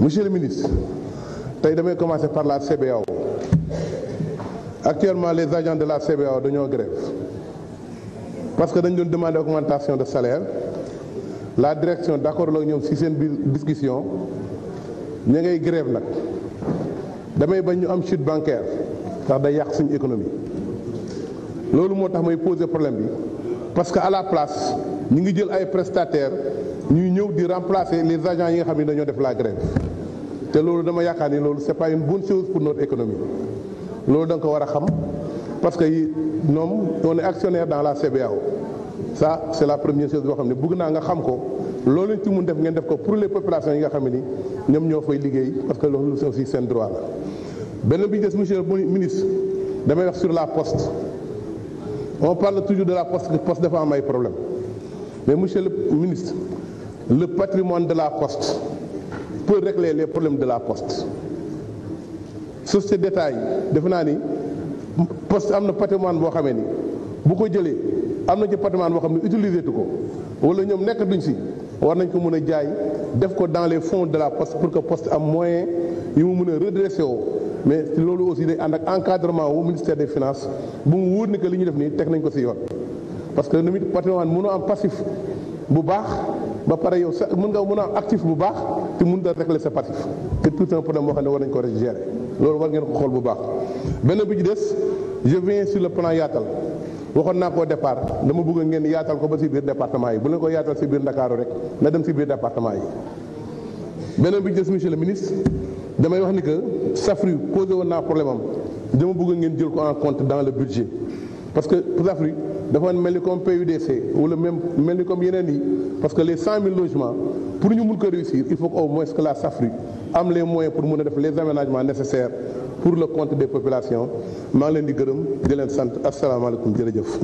monsieur le ministre tey damay commencer par la CBAO actuellement les agents de la CBAO dañoo grève parce que dañ doon demander augmentation de salaire la direction d'accord la ñoom ci seen biir discussion ña ngay grève nag damay bañ ñu am chute bancaire day yàq suñu économie loolu moo tax may poser problème bi parce que à la place ñu ngi jël ay prestataires ñuy ñëw di remplacer les agents yi nga xam ne dañoo def la grève te loolu dama yaakaar ni loolu c'est pas une bonne chose pour notre économie loolu danga ko war a xam parce que ñoom on est actionnaire dans la CBAO ça c'est la première chose boo xam ne bëgg naa nga xam ko loolu lañ ci mun def ngeen def ko pour les populations yi nga xam ne ni ñoom ñoo fay liggéey parce que loolu aussi seen droit la. benn bi des monsieur le ministre damay wax sur la poste on parle toujours de la poste poste dafa am ay problème mais monsieur le ministre le patrimoine de la poste. peut régler les problèmes de la poste sur ces détails defe naa ni poste am na patrimoine boo xamee ni bu ko jëlee am na ci patrimoine boo xam ne utiliser tu ko wala ñoom nekk duñ si war nañ ko mën a jaay def ko dans les fonds de la poste pour que poste am moyen yu mu mun a redressé woo mais loolu aussi day ànd ak encadrement wu ministère des finance bu mu wóor ni que li ñu def nii teg nañ ko si yoon parce que tamit patrimoine mënoo am passif bu baax ba pare yow sa mën nga mën a actif bu baax te mën da régler sa passif te tout un problème boo ne war nañ ko gérer loolu war ngeen ko xool bu baax benn bi ci des je viens sur le plan yaatal waxoon naa ko départ dama bëgg ngeen yaatal ko ba si biir département yi bu leen ko yaatal si biir ndakaaru rek na dem si biir département yi beneen bi ci des monsieur le ministre damay wax ni que SAFRU posé woon naa problème am dama bëgg ngeen jël ko en compte dans le budget parce que SAFRU dafa mel ni comme PUDC wala même mel ni comme yeneen yi parce que les 100 logements pour ñu mun ko réussir il faut que au moins que la SAFRU am les moyens pour mun a def les aménagements nécessaires pour le compte des populations maa ngi leen di gërëm di leen sant asalaamaaleykum jërëjëf.